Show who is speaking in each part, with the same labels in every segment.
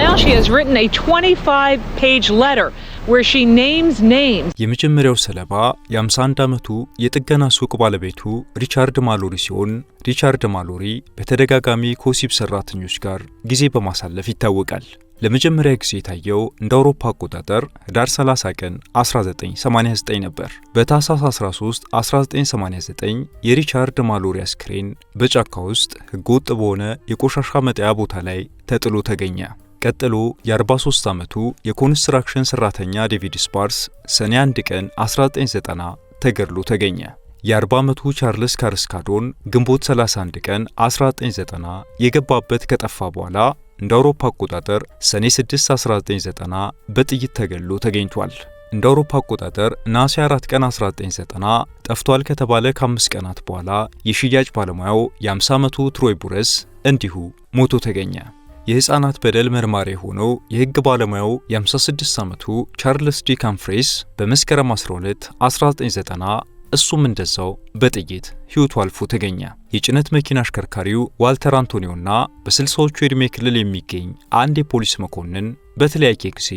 Speaker 1: Now she has written a 25-page letter where she names names.
Speaker 2: የመጀመሪያው ሰለባ የ51 ዓመቱ የጥገና ሱቅ ባለቤቱ ሪቻርድ ማሎሪ ሲሆን ሪቻርድ ማሎሪ በተደጋጋሚ ከወሲብ ሰራተኞች ጋር ጊዜ በማሳለፍ ይታወቃል። ለመጀመሪያ ጊዜ የታየው እንደ አውሮፓ አቆጣጠር ህዳር 30 ቀን 1989 ነበር። በታህሳስ 13 1989 የሪቻርድ ማሎሪ አስክሬን በጫካ ውስጥ ህገወጥ በሆነ የቆሻሻ መጣያ ቦታ ላይ ተጥሎ ተገኘ። ቀጥሎ የ43 ዓመቱ የኮንስትራክሽን ሠራተኛ ዴቪድ ስፓርስ ሰኔ 1 ቀን 1990 ተገድሎ ተገኘ። የ40 ዓመቱ ቻርልስ ካርስካዶን ግንቦት 31 ቀን 1990 የገባበት ከጠፋ በኋላ እንደ አውሮፓ አቆጣጠር ሰኔ 6 1990 በጥይት ተገድሎ ተገኝቷል። እንደ አውሮፓ አቆጣጠር ነሐሴ 4 ቀን 1990 ጠፍቷል ከተባለ ከአምስት ቀናት በኋላ የሽያጭ ባለሙያው የ50 ዓመቱ ትሮይ ቡረስ እንዲሁ ሞቶ ተገኘ። የህፃናት በደል መርማሪ የሆነው የህግ ባለሙያው የ56 ዓመቱ ቻርልስ ዲ ካምፍሬስ በመስከረም 12 1990 እሱም እንደዛው በጥይት ህይወቱ አልፎ ተገኘ። የጭነት መኪና አሽከርካሪው ዋልተር አንቶኒዮና በስልሳዎቹ የዕድሜ ክልል የሚገኝ አንድ የፖሊስ መኮንን በተለያየ ጊዜ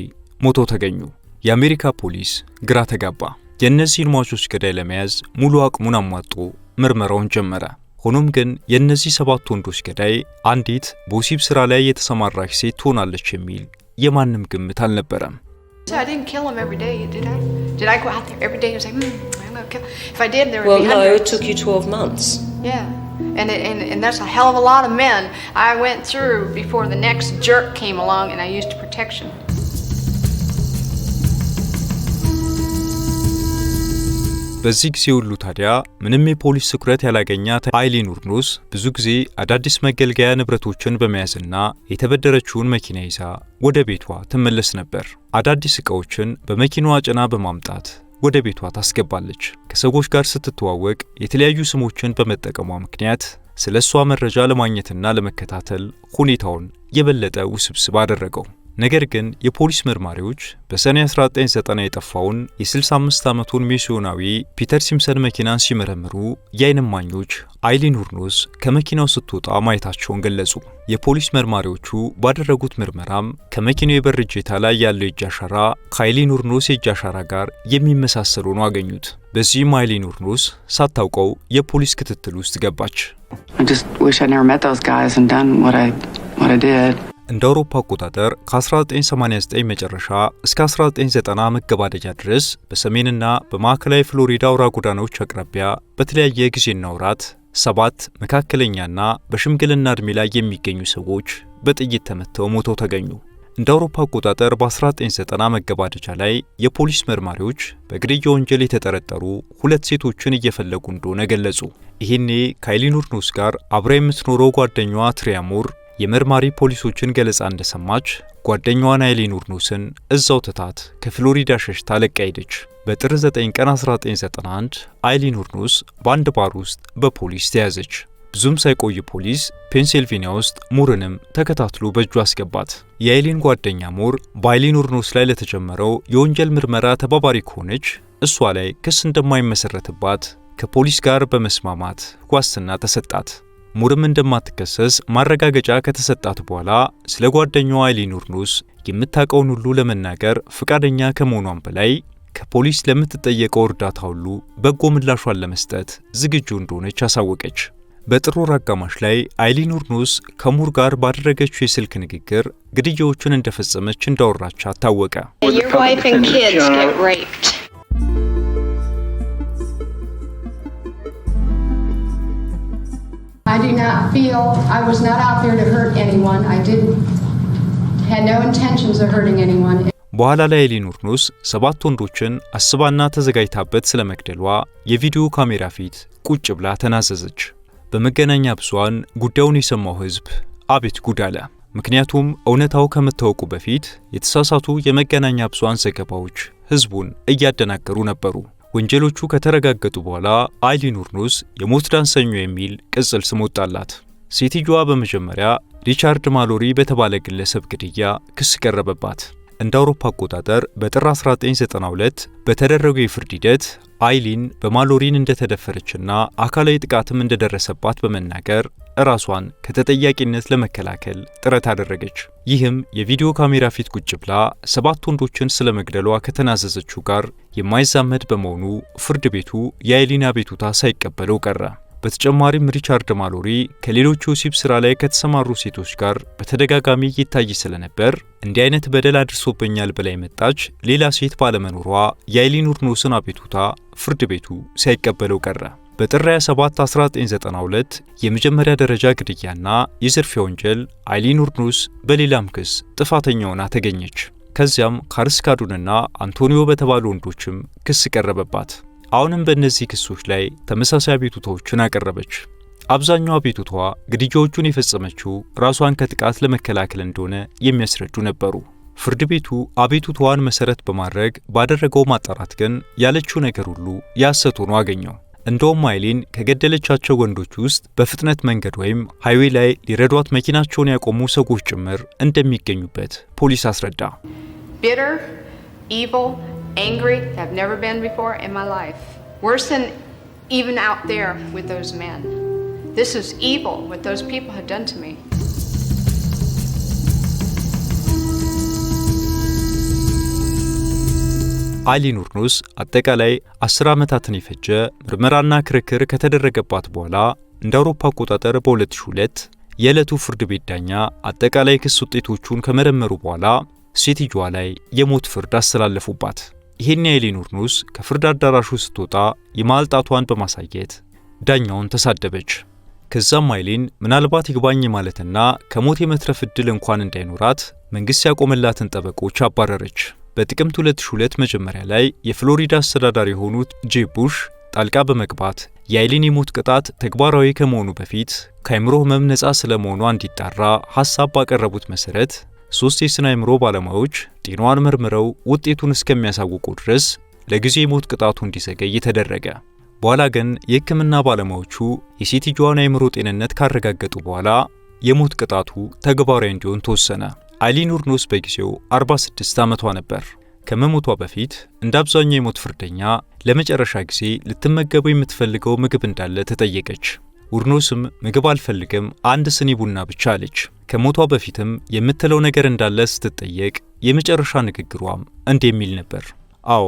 Speaker 2: ሞቶ ተገኙ። የአሜሪካ ፖሊስ ግራ ተጋባ። የእነዚህን ሟቾች ገዳይ ለመያዝ ሙሉ አቅሙን አሟጦ ምርመራውን ጀመረ። ሆኖም ግን የእነዚህ ሰባት ወንዶች ገዳይ አንዲት በወሲብ ስራ ላይ የተሰማራች ሴት ትሆናለች የሚል የማንም ግምት አልነበረም። በዚህ ጊዜ ሁሉ ታዲያ ምንም የፖሊስ ትኩረት ያላገኛት አይሊ ኑርኑስ ብዙ ጊዜ አዳዲስ መገልገያ ንብረቶችን በመያዝና የተበደረችውን መኪና ይዛ ወደ ቤቷ ትመለስ ነበር። አዳዲስ ዕቃዎችን በመኪናዋ ጭና በማምጣት ወደ ቤቷ ታስገባለች። ከሰዎች ጋር ስትተዋወቅ የተለያዩ ስሞችን በመጠቀሟ ምክንያት ስለ እሷ መረጃ ለማግኘትና ለመከታተል ሁኔታውን የበለጠ ውስብስብ አደረገው። ነገር ግን የፖሊስ መርማሪዎች በሰኔ 1990 የጠፋውን የ65 ዓመቱን ሚስዮናዊ ፒተር ሲምሰን መኪናን ሲመረምሩ የዓይን እማኞች አይሊን ሁርኖስ ከመኪናው ስትወጣ ማየታቸውን ገለጹ። የፖሊስ መርማሪዎቹ ባደረጉት ምርመራም ከመኪናው የበር እጀታ ላይ ያለው የእጅ አሻራ ከአይሊን ሁርኖስ የእጅ አሻራ ጋር የሚመሳሰሉ ነው አገኙት። በዚህም አይሊን ሁርኖስ ሳታውቀው የፖሊስ ክትትል ውስጥ ገባች። እንደ አውሮፓ አቆጣጠር ከ1989 መጨረሻ እስከ 1990 መገባደጃ ድረስ በሰሜንና በማዕከላዊ ፍሎሪዳ አውራ ጎዳናዎች አቅራቢያ በተለያየ ጊዜና ወራት ሰባት መካከለኛና በሽምግልና ዕድሜ ላይ የሚገኙ ሰዎች በጥይት ተመተው ሞተው ተገኙ። እንደ አውሮፓ አቆጣጠር በ1990 መገባደጃ ላይ የፖሊስ መርማሪዎች በግድያ ወንጀል የተጠረጠሩ ሁለት ሴቶችን እየፈለጉ እንደሆነ ገለጹ። ይህኔ ከአይሊኑር ኖስ ጋር አብራ የምትኖረው ጓደኛዋ ትሪያሙር የመርማሪ ፖሊሶችን ገለጻ እንደሰማች ጓደኛዋን አይሊን ኑስን እዛው ትታት ከፍሎሪዳ ሸሽታ ለቃ ሄደች። በጥር 9 ቀን 1991 አይሊኑር ኑስ በአንድ ባር ውስጥ በፖሊስ ተያዘች። ብዙም ሳይቆይ ፖሊስ ፔንሲልቬኒያ ውስጥ ሙርንም ተከታትሎ በእጁ አስገባት። የአይሊን ጓደኛ ሙር በአይሊኑር ኑስ ላይ ለተጀመረው የወንጀል ምርመራ ተባባሪ ከሆነች እሷ ላይ ክስ እንደማይመሰረትባት ከፖሊስ ጋር በመስማማት ዋስትና ተሰጣት። ሙርም እንደማትከሰስ ማረጋገጫ ከተሰጣት በኋላ ስለ ጓደኛዋ ኤሊኖር ኑስ የምታውቀውን ሁሉ ለመናገር ፈቃደኛ ከመሆኗን በላይ ከፖሊስ ለምትጠየቀው እርዳታ ሁሉ በጎ ምላሿን ለመስጠት ዝግጁ እንደሆነች አሳወቀች። በጥር ወር አጋማሽ ላይ አይሊኑር ኑስ ከሙር ጋር ባደረገችው የስልክ ንግግር ግድያዎቹን እንደፈጸመች እንዳወራች ታወቀ።
Speaker 3: I do not feel I was not out there to hurt anyone. I didn't had no intentions of hurting anyone.
Speaker 2: በኋላ ላይ ኤሊኖር ኑስ ሰባት ወንዶችን አስባና ተዘጋጅታበት ስለመግደሏ የቪዲዮ ካሜራ ፊት ቁጭ ብላ ተናዘዘች። በመገናኛ ብዙሃን ጉዳዩን የሰማው ሕዝብ አቤት ጉድ አለ። ምክንያቱም እውነታው ከመታወቁ በፊት የተሳሳቱ የመገናኛ ብዙሃን ዘገባዎች ሕዝቡን እያደናገሩ ነበሩ። ወንጀሎቹ ከተረጋገጡ በኋላ አይሊኑርኑስ የሞት ዳንሰኞ የሚል ቅጽል ስም ወጣላት። ሴትዮዋ በመጀመሪያ ሪቻርድ ማሎሪ በተባለ ግለሰብ ግድያ ክስ ቀረበባት። እንደ አውሮፓ አቆጣጠር በጥር 1992 በተደረገው የፍርድ ሂደት አይሊን በማሎሪን እንደተደፈረችና አካላዊ ጥቃትም እንደደረሰባት በመናገር እራሷን ከተጠያቂነት ለመከላከል ጥረት አደረገች። ይህም የቪዲዮ ካሜራ ፊት ቁጭ ብላ ሰባት ወንዶችን ስለ መግደሏ ከተናዘዘችው ጋር የማይዛመድ በመሆኑ ፍርድ ቤቱ የአይሊን አቤቱታ ሳይቀበለው ቀረ። በተጨማሪም ሪቻርድ ማሎሪ ከሌሎች ወሲብ ስራ ላይ ከተሰማሩ ሴቶች ጋር በተደጋጋሚ ይታይ ስለነበር እንዲህ አይነት በደል አድርሶብኛል ብላ የመጣች ሌላ ሴት ባለመኖሯ የአይሊኑር ኖስን አቤቱታ ፍርድ ቤቱ ሳይቀበለው ቀረ። በጥር 27 1992 የመጀመሪያ ደረጃ ግድያና የዝርፊያ ወንጀል አይሊኑር ኖስ በሌላም ክስ ጥፋተኛ ሆና ተገኘች። ከዚያም ካርስካዱንና አንቶኒዮ በተባሉ ወንዶችም ክስ ቀረበባት። አሁንም በእነዚህ ክሶች ላይ ተመሳሳይ አቤቱታዎችን አቀረበች። አብዛኛው አቤቱታዋ ግድያዎቹን የፈጸመችው ራሷን ከጥቃት ለመከላከል እንደሆነ የሚያስረዱ ነበሩ። ፍርድ ቤቱ አቤቱታዋን መሰረት በማድረግ ባደረገው ማጣራት ግን ያለችው ነገር ሁሉ የሐሰት ሆኖ አገኘው። እንደውም አይሊን ከገደለቻቸው ወንዶች ውስጥ በፍጥነት መንገድ ወይም ሃይዌ ላይ ሊረዷት መኪናቸውን ያቆሙ ሰዎች ጭምር እንደሚገኙበት ፖሊስ አስረዳ።
Speaker 3: angry I've never been before in my life. Worse than even out there with those men. This is evil what those people had done to me.
Speaker 2: አሊ ኑርኑስ አጠቃላይ 10 ዓመታትን የፈጀ ምርመራና ክርክር ከተደረገባት በኋላ እንደ አውሮፓ አቆጣጠር በ2002 የዕለቱ ፍርድ ቤት ዳኛ አጠቃላይ ክስ ውጤቶቹን ከመረመሩ በኋላ ሴትዮዋ ላይ የሞት ፍርድ አስተላለፉባት። ይህን የኤሌኖር ኑስ ከፍርድ አዳራሹ ስትወጣ የማልጣቷን በማሳየት ዳኛውን ተሳደበች። ከዛም አይሊን ምናልባት ይግባኝ ማለትና ከሞት የመትረፍ እድል እንኳን እንዳይኖራት መንግሥት ያቆመላትን ጠበቆች አባረረች። በጥቅምት 2002 መጀመሪያ ላይ የፍሎሪዳ አስተዳዳሪ የሆኑት ጄ ቡሽ ጣልቃ በመግባት የአይሊን የሞት ቅጣት ተግባራዊ ከመሆኑ በፊት ከአይምሮ ህመም ነፃ ስለመሆኗ እንዲጣራ ሐሳብ ባቀረቡት መሠረት ሶስት የስነ አእምሮ ባለሙያዎች ጤናዋን መርምረው ውጤቱን እስከሚያሳውቁ ድረስ ለጊዜ የሞት ቅጣቱ እንዲዘገይ ተደረገ። በኋላ ግን የሕክምና ባለሙያዎቹ የሴትዮዋን አእምሮ ጤንነት ካረጋገጡ በኋላ የሞት ቅጣቱ ተግባራዊ እንዲሆን ተወሰነ። አይሊን ውርኖስ በጊዜው 46 ዓመቷ ነበር። ከመሞቷ በፊት እንደ አብዛኛው የሞት ፍርደኛ ለመጨረሻ ጊዜ ልትመገበው የምትፈልገው ምግብ እንዳለ ተጠየቀች። ውርኖስም ምግብ አልፈልግም፣ አንድ ስኒ ቡና ብቻ አለች። ከሞቷ በፊትም የምትለው ነገር እንዳለ ስትጠየቅ የመጨረሻ ንግግሯም እንዲህ የሚል ነበር። አዎ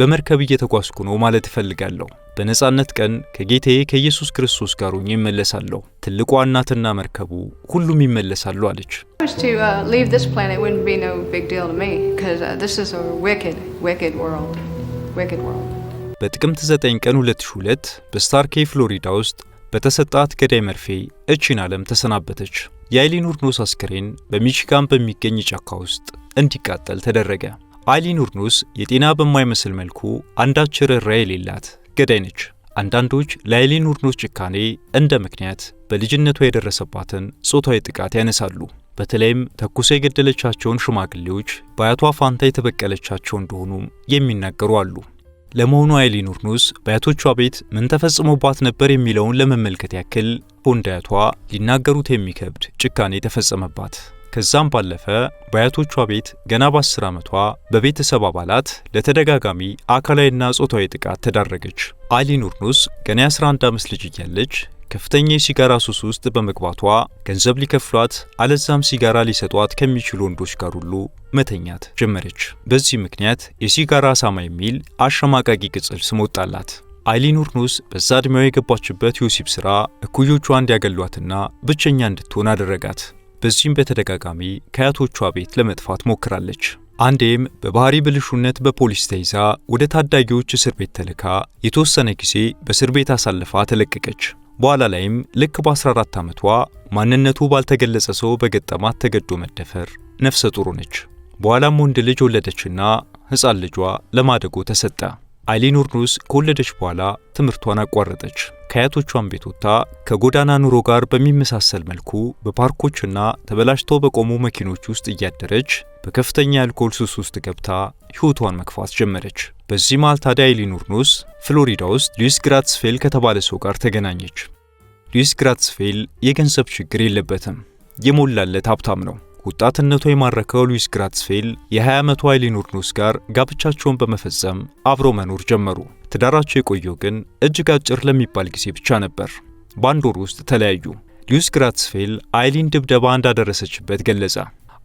Speaker 2: በመርከብ እየተጓዝኩ ነው ማለት እፈልጋለሁ። በነጻነት ቀን ከጌታዬ ከኢየሱስ ክርስቶስ ጋር ሆኜ ይመለሳለሁ። ትልቋ እናትና መርከቡ ሁሉም ይመለሳሉ አለች። በጥቅምት 9 ቀን 2002 በስታርኬ ፍሎሪዳ ውስጥ በተሰጣት ገዳይ መርፌ እቺን ዓለም ተሰናበተች። የአይሊኑር ኖስ አስክሬን በሚቺጋን በሚገኝ ጫካ ውስጥ እንዲቃጠል ተደረገ። አይሊኑር ኖስ የጤና በማይመስል መልኩ አንዳች ርኅራኄ የሌላት ገዳይ ነች። አንዳንዶች ለአይሊኑር ኖስ ጭካኔ እንደ ምክንያት በልጅነቷ የደረሰባትን ጾታዊ ጥቃት ያነሳሉ። በተለይም ተኩሳ የገደለቻቸውን ሽማግሌዎች በአያቷ ፋንታ የተበቀለቻቸው እንደሆኑ የሚናገሩ አሉ። ለመሆኑ አይሊኑር ኑስ በአያቶቿ ቤት ምን ተፈጽሞባት ነበር የሚለውን ለመመልከት ያክል አያቷ ሊናገሩት የሚከብድ ጭካኔ ተፈጸመባት። ከዛም ባለፈ በአያቶቿ ቤት ገና በ10 ዓመቷ በቤተሰብ አባላት ለተደጋጋሚ አካላዊና ጾታዊ ጥቃት ተዳረገች። አይሊኑር ገና የ11 ዓመት ልጅ እያለች ከፍተኛ የሲጋራ ሱስ ውስጥ በመግባቷ ገንዘብ ሊከፍሏት አለዛም ሲጋራ ሊሰጧት ከሚችሉ ወንዶች ጋር ሁሉ መተኛት ጀመረች። በዚህ ምክንያት የሲጋራ አሳማ የሚል አሸማቃቂ ቅጽል ስም ወጣላት። አይሊን ኡርኑስ በዛ ዕድሜዋ የገባችበት የወሲብ ሥራ እኩዮቿ እንዲያገሏትና ብቸኛ እንድትሆን አደረጋት። በዚህም በተደጋጋሚ ከአያቶቿ ቤት ለመጥፋት ሞክራለች። አንዴም በባህሪ ብልሹነት በፖሊስ ተይዛ ወደ ታዳጊዎች እስር ቤት ተልካ የተወሰነ ጊዜ በእስር ቤት አሳልፋ ተለቀቀች። በኋላ ላይም ልክ በ14 ዓመቷ ማንነቱ ባልተገለጸ ሰው በገጠማት ተገዶ መደፈር ነፍሰ ጡር ነች። በኋላም ወንድ ልጅ ወለደችና ሕፃን ልጇ ለማደጎ ተሰጠ። አይሊን ኑርኑስ ከወለደች በኋላ ትምህርቷን አቋረጠች። ከአያቶቿን ቤት ወጥታ ከጎዳና ኑሮ ጋር በሚመሳሰል መልኩ በፓርኮችና ተበላሽተው በቆሙ መኪኖች ውስጥ እያደረች በከፍተኛ የአልኮል ሱስ ውስጥ ገብታ ሕይወቷን መክፋት ጀመረች። በዚህ መሃል ታዲያ ኤሊኖር ኖስ ፍሎሪዳ ውስጥ ሉዊስ ግራትስፌል ከተባለ ሰው ጋር ተገናኘች። ሉዊስ ግራትስፌል የገንዘብ ችግር የለበትም፣ የሞላለት ሀብታም ነው። ወጣትነቷ የማረከው ሉዊስ ግራትስፌል የ20 ዓመቷ ኤሊኖር ኖስ ጋር ጋብቻቸውን በመፈጸም አብሮ መኖር ጀመሩ። ትዳራቸው የቆየው ግን እጅግ አጭር ለሚባል ጊዜ ብቻ ነበር። በአንድ ወር ውስጥ ተለያዩ። ሉዊስ ግራትስፌል አይሊን ድብደባ እንዳደረሰችበት ገለጸ።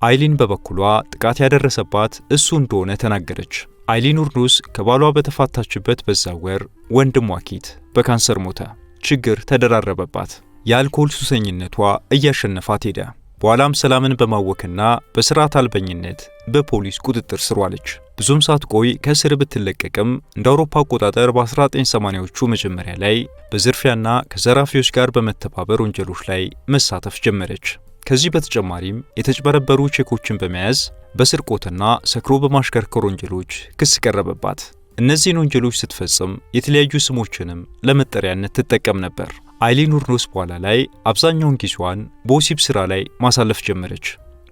Speaker 2: አይሊን በበኩሏ ጥቃት ያደረሰባት እሱ እንደሆነ ተናገረች። አይሊን ኡርዱስ ከባሏ በተፋታችበት በዛ ወር ወንድሟ ኪት በካንሰር ሞተ። ችግር ተደራረበባት። የአልኮል ሱሰኝነቷ እያሸነፋት ሄደ። በኋላም ሰላምን በማወክና በስርዓት አልበኝነት በፖሊስ ቁጥጥር ስር ዋለች። ብዙም ሳትቆይ ከእስር ብትለቀቅም እንደ አውሮፓ አቆጣጠር በ1980ዎቹ መጀመሪያ ላይ በዝርፊያና ከዘራፊዎች ጋር በመተባበር ወንጀሎች ላይ መሳተፍ ጀመረች። ከዚህ በተጨማሪም የተጭበረበሩ ቼኮችን በመያዝ በስርቆትና ሰክሮ በማሽከርከር ወንጀሎች ክስ ቀረበባት። እነዚህን ወንጀሎች ስትፈጽም የተለያዩ ስሞችንም ለመጠሪያነት ትጠቀም ነበር። አይሊን ኡርኖስ በኋላ ላይ አብዛኛውን ጊዜዋን በወሲብ ሥራ ላይ ማሳለፍ ጀመረች።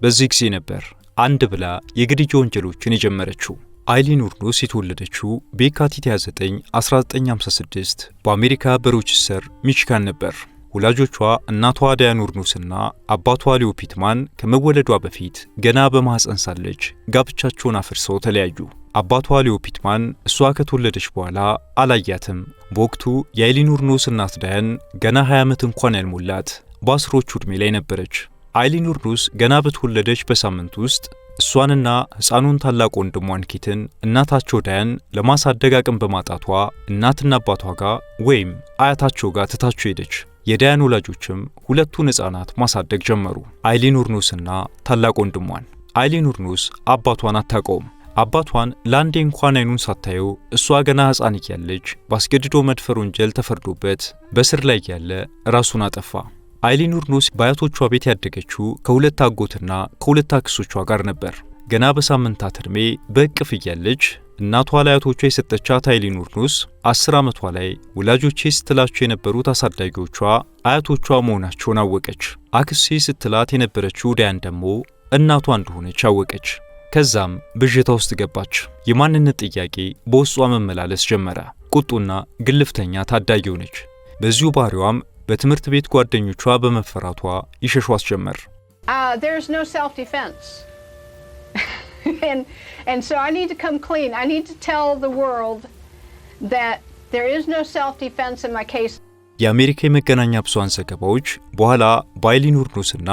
Speaker 2: በዚህ ጊዜ ነበር አንድ ብላ የግድያ ወንጀሎችን የጀመረችው። አይሊን ኡርኖስ የተወለደችው በየካቲት 29 1956 በአሜሪካ በሮችስተር ሚችጋን ነበር። ወላጆቿ እናቷ ዳያኑር ኑስና አባቷ ሊዮ ፒትማን ከመወለዷ በፊት ገና በማኅፀን ሳለች ጋብቻቸውን አፍርሰው ተለያዩ። አባቷ ሊዮ ፒትማን እሷ ከተወለደች በኋላ አላያትም። በወቅቱ የአይሊኑር እናት ዳያን ገና 20 ዓመት እንኳን ያልሞላት በአስሮቹ ዕድሜ ላይ ነበረች። አይሊኑር ገና በተወለደች በሳምንት ውስጥ እሷንና ሕፃኑን ታላቅ ወንድሟን ኪትን እናታቸው ዳያን ለማሳደግ አቅም በማጣቷ እናትና አባቷ ጋር ወይም አያታቸው ጋር ትታቸው ሄደች። የዳያን ወላጆችም ሁለቱን ሕፃናት ማሳደግ ጀመሩ። አይሊን ኡርኑስና ታላቅ ወንድሟን። አይሊን ኡርኑስ አባቷን አታውቀውም። አባቷን ለአንዴ እንኳን አይኑን ሳታየው እሷ ገና ሕፃን እያለች በአስገድዶ መድፈር ወንጀል ተፈርዶበት በስር ላይ እያለ ራሱን አጠፋ። አይሊን ኡርኑስ በአያቶቿ ቤት ያደገችው ከሁለት አጎትና ከሁለት አክሶቿ ጋር ነበር። ገና በሳምንታት ዕድሜ በእቅፍ እያለች እናቷ ለአያቶቿ የሰጠቻት ኃይሊ ኑርኑስ አስር ዓመቷ ላይ ወላጆቼ ስትላቸው የነበሩት አሳዳጊዎቿ አያቶቿ መሆናቸውን አወቀች። አክስቴ ስትላት የነበረችው ዳያን ደግሞ እናቷ እንደሆነች አወቀች። ከዛም ብዥታ ውስጥ ገባች። የማንነት ጥያቄ በውስጧ መመላለስ ጀመረ። ቁጡና ግልፍተኛ ታዳጊ ሆነች። በዚሁ ባህሪዋም በትምህርት ቤት ጓደኞቿ በመፈራቷ ይሸሿት ጀመር።
Speaker 3: uh, and and so I need to come clean. I need to tell the world that there is no self-defense in my case.
Speaker 2: የአሜሪካ የመገናኛ ብዙሃን ዘገባዎች በኋላ ባይሊኑር ኑስና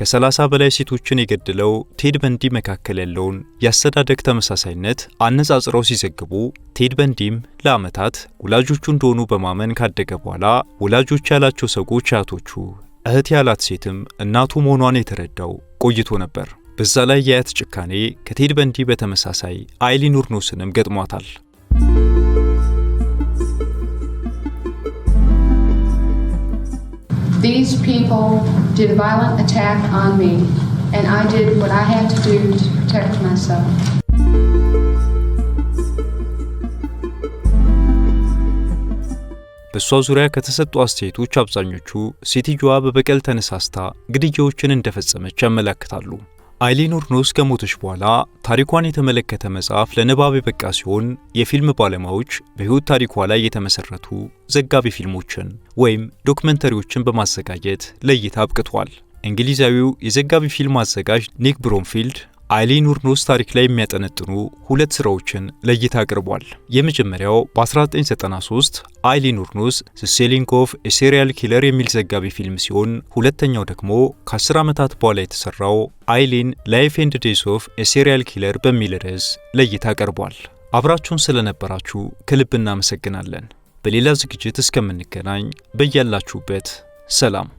Speaker 2: ከ30 በላይ ሴቶችን የገደለው ቴድ በንዲ መካከል ያለውን የአስተዳደግ ተመሳሳይነት አነጻጽረው ሲዘግቡ ቴድ በንዲም ለዓመታት ወላጆቹ እንደሆኑ በማመን ካደገ በኋላ ወላጆች ያላቸው ሰዎች አያቶቹ፣ እህት ያላት ሴትም እናቱ መሆኗን የተረዳው ቆይቶ ነበር። በዛ ላይ የአያት ጭካኔ ከቴድ በንዲ በተመሳሳይ አይሊን ውርኖስንም ገጥሟታል። በእሷ ዙሪያ ከተሰጡ አስተያየቶች አብዛኞቹ ሴትዮዋ በበቀል ተነሳስታ ግድያዎችን እንደፈጸመች ያመለክታሉ። አይሊኖር ኖስ ከሞተች በኋላ ታሪኳን የተመለከተ መጽሐፍ ለንባብ የበቃ ሲሆን የፊልም ባለሙያዎች በሕይወት ታሪኳ ላይ የተመሰረቱ ዘጋቢ ፊልሞችን ወይም ዶክመንተሪዎችን በማዘጋጀት ለእይታ አብቅቷል። እንግሊዛዊው የዘጋቢ ፊልም አዘጋጅ ኒክ ብሮንፊልድ አይሊ ኑርኖስ ታሪክ ላይ የሚያጠነጥኑ ሁለት ስራዎችን ለእይታ አቅርቧል። የመጀመሪያው በ1993 አይሊ ኑርኖስ ስሴሊንግ ኦፍ የሴሪያል ኪለር የሚል ዘጋቢ ፊልም ሲሆን ሁለተኛው ደግሞ ከ10 ዓመታት በኋላ የተሰራው አይሊን ላይፍ ኤንድ ዴስ ኦፍ የሴሪያል ኪለር በሚል ርዕስ ለእይታ አቅርቧል። አብራችሁን ስለነበራችሁ ከልብ እናመሰግናለን። በሌላ ዝግጅት እስከምንገናኝ በያላችሁበት ሰላም